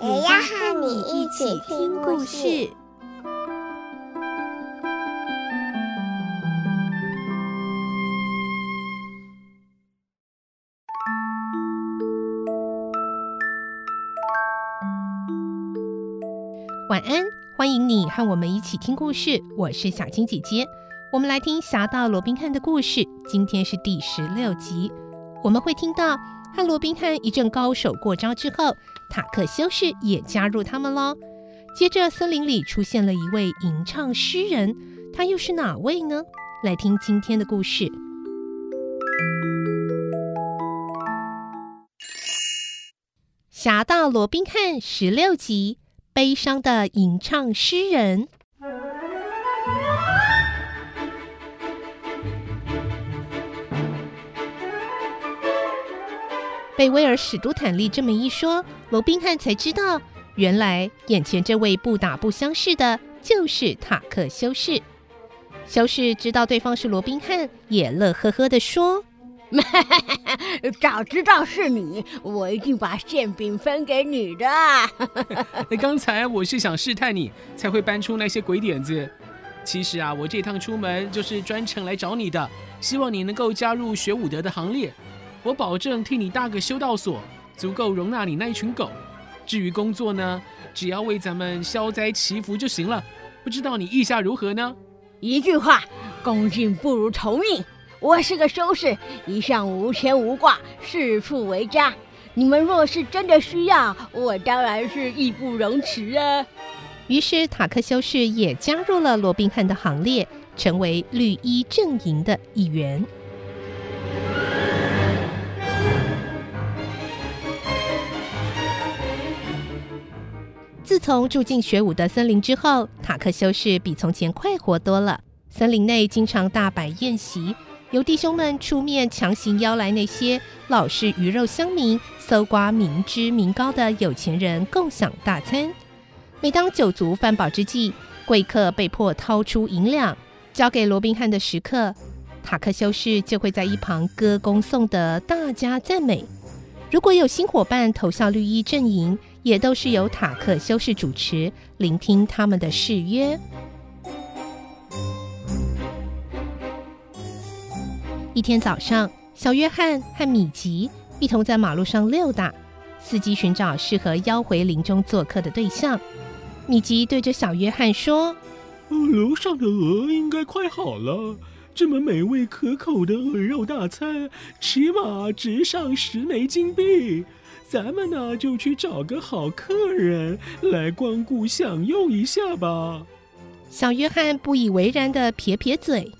也要，也要和你一起聽故事。晚安，歡迎你和我們一起聽故事。我是小青姐姐，我們來聽《俠盜羅賓漢》的故事。今天是第十六集，我們會聽到。和羅賓漢一陣高手過招之後，塔克修士也加入他們嘍。接着，森林裡出現了一位吟唱詩人，他又是哪位呢？來聽今天的故事。《俠盜羅賓漢》十六集：悲傷的吟唱詩人。被威爾史都坦利這麼一說，羅賓漢才知道，原來眼前這位不打不相識的，就是塔克修士。修士知道對方是羅賓漢，也樂呵呵地說：“ 早知道是你，我一定把餡餅分給你的。 ” 那剛才我是想試探你，才會搬出那些鬼點子。其實啊，我這趟出門就是專程來找你的，希望你能夠加入學武德的行列。我保證替你搭個修道所，足夠容納你那一群狗。至於工作呢，只要為咱們消災祈福就行了。不知道你意下如何呢？一句話，恭敬不如從命。我是個修士，一向無牽無掛，四處為家。你們若是真的需要，我當然是義不容辭啊。於是，塔克修士也加入了羅賓漢的行列，成為綠衣陣營的一員。自從住進雪伍的森林之後，塔克修士比從前快活多了。森林內經常大擺宴席，由弟兄們出面強行邀來那些老是魚肉鄉民、搜刮民脂民膏的有錢人共享大餐。每當酒足飯飽之際，貴客被迫掏出銀兩交給羅賓漢的食客，塔克修士就會在一旁歌功頌德，大加讚美。如果有新伙伴投效綠衣陣營，也都是由塔克修士主持，聆聽他們的誓約。一天早上，小約翰和米吉一同在馬路上溜達，伺機尋找適合邀回林中做客的對象。米吉對着小約翰說，呃：“樓上的鵝應該快好了，這麼美味可口的鵝肉大餐，起碼值上十枚金幣。”咱們呢，就去找個好客人來光顧享用一下吧。小約翰不以為然的撇撇嘴：“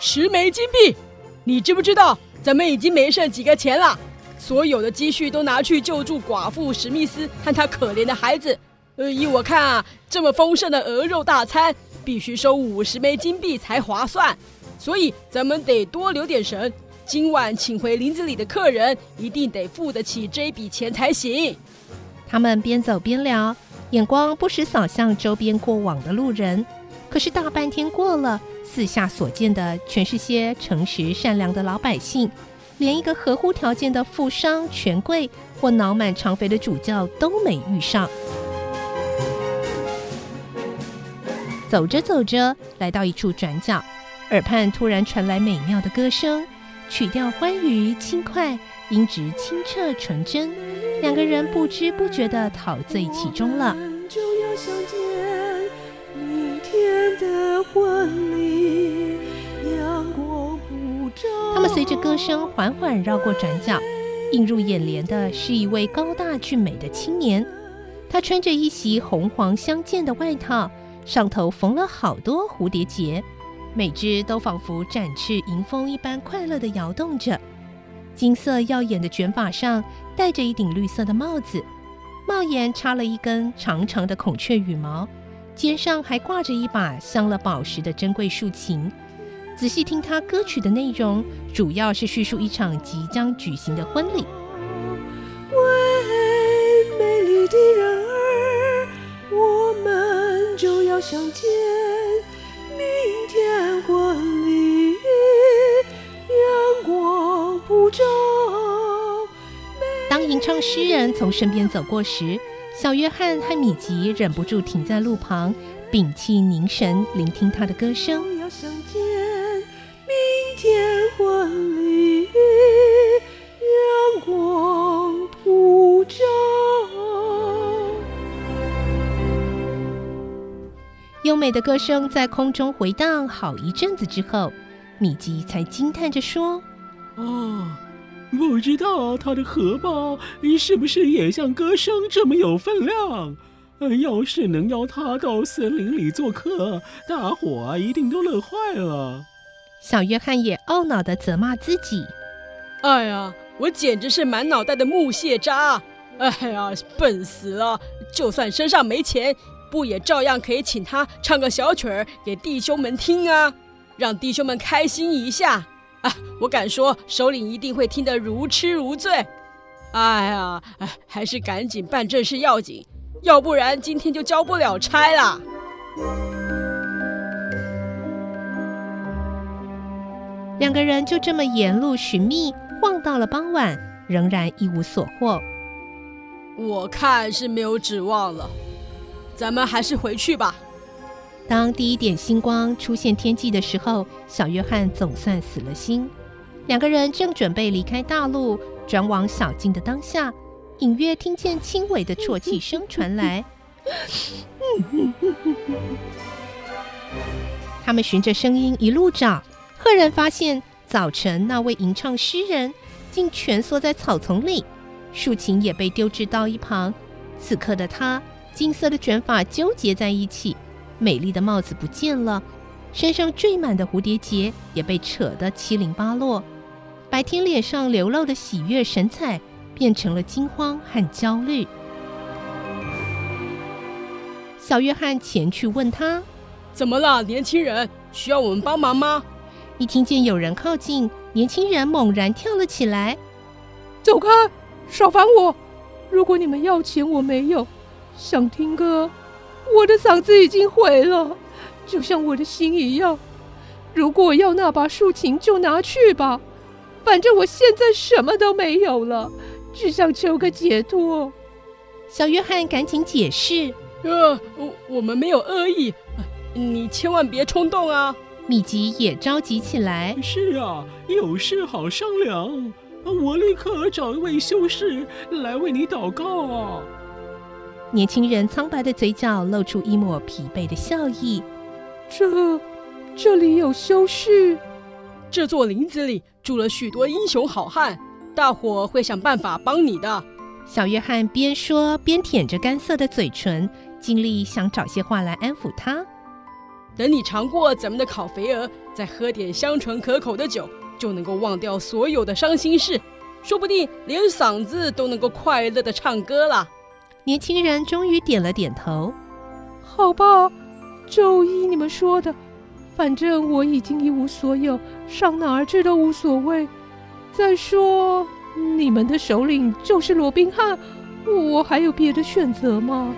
十枚金幣，你知不知道？咱們已經沒剩幾個錢了，所有的積蓄都拿去救助寡婦史密斯和她可憐的孩子。呃，依我看啊，這麼豐盛的鵝肉大餐，必須收五十枚金幣才划算，所以咱們得多留點神。”今晚請回林子裡的客人，一定得付得起這筆錢才行。他們邊走邊聊，眼光不時掃向周邊過往的路人。可是大半天過了，四下所見的全是些誠實善良的老百姓，連一個合乎條件的富商、權貴或腦滿腸肥的主教都沒遇上。走着走着，來到一處轉角，耳畔突然傳來美妙的歌聲。曲調歡愉輕快，音質清澈純真，兩個人不知不覺地陶醉其中了。就要相見，明天的婚禮，陽光普照。他們隨着歌聲緩緩繞過轉角，映入眼簾的是一位高大俊美的青年，他穿着一襲紅黃相間的外套，上頭縫了好多蝴蝶結。每隻都仿佛展翅迎風一般快樂地搖動着，金色耀眼的捲髮上戴着一頂綠色的帽子，帽檐插了一根長長的孔雀羽毛，肩上還掛着一把鑲了寶石的珍貴豎琴。仔細聽他歌曲的內容，主要是敘述一場即將舉行的婚禮。喂，美麗的人兒，我們就要相見。吟唱詩人從身邊走過時，小約翰和米吉忍不住停在路旁，屏氣凝神，聆聽他的歌聲。我要相見，明天婚禮，陽光普照。優美的歌聲在空中回盪好一陣子之後，米吉才驚嘆着說：“哦。”不知道他的荷包是不是也像歌聲這麼有分量？嗯，要是能邀他到森林裡做客，大夥一定都樂壞了。小約翰也懊惱的責罵自己：“哎呀，我簡直是滿腦袋的木屑渣！哎呀，笨死了！就算身上沒錢，不也照樣可以請他唱個小曲兒給弟兄們聽啊，讓弟兄們開心一下。”啊、我敢說，首領一定會聽得如痴如醉。哎呀、啊，還是趕緊辦正事要緊，要不然今天就交不了差了。兩個人就這麼沿路尋覓，望到了傍晚，仍然一無所獲。我看是沒有指望了，咱們還是回去吧。當第一點星光出現天際的時候，小約翰總算死了心。兩個人正準備離開大路，轉往小徑的當下，隱約聽見輕微的啜泣聲傳來。 他們循着聲音一路找，赫然發現早晨那位吟唱詩人竟蜷縮在草叢裡，豎琴也被丟置到一旁。此刻的他，金色的卷髮糾結在一起。美麗的帽子不見了，身上綴滿的蝴蝶結也被扯得七零八落，白天臉上流露的喜悅神采變成了驚慌和焦慮。小約翰前去問他：“怎麼了，年輕人？需要我們幫忙嗎？” 一聽見有人靠近，年輕人猛然跳了起來：“走開，少煩我！如果你們要錢，我沒有；想聽歌。”我的嗓子已經毀了，就像我的心一樣。如果我要那把豎琴，就拿去吧，反正我現在什麼都沒有了，只想求個解脫。小約翰趕緊解釋：“啊、呃，我們沒有惡意，你千萬別衝動啊！”米吉也着急起來：“是啊，有事好商量，我立刻找一位修士來為你禱告啊！”年輕人蒼白的嘴角露出一抹疲憊的笑意。這，這裡有修士。這座林子裡住了許多英雄好漢，大夥會想辦法幫你的。小約翰邊說邊舔着乾澀的嘴唇，盡力想找些話來安撫他。等你嘗過咱們的烤肥鵝，再喝點香醇可口的酒，就能夠忘掉所有的傷心事，說不定連嗓子都能夠快樂地唱歌了。年輕人終於點了點頭。好吧，就依你們說的，反正我已經一無所有，上哪兒去都無所謂。再說，你們的首領就是羅賓漢，我還有別的選擇嗎？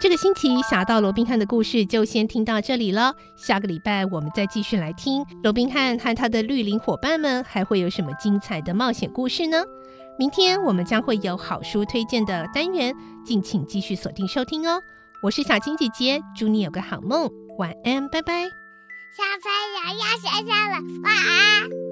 這個星期，俠盜羅賓漢的故事就先聽到這裡了。下個禮拜，我們再繼續來聽羅賓漢和他的綠林夥伴們還會有什麼精彩的冒險故事呢？明天我們將會有好書推薦的單元，敬請繼續鎖定收聽哦。我是小金姐姐，祝你有個好夢，晚安，拜拜。小朋友要睡覺了，晚安。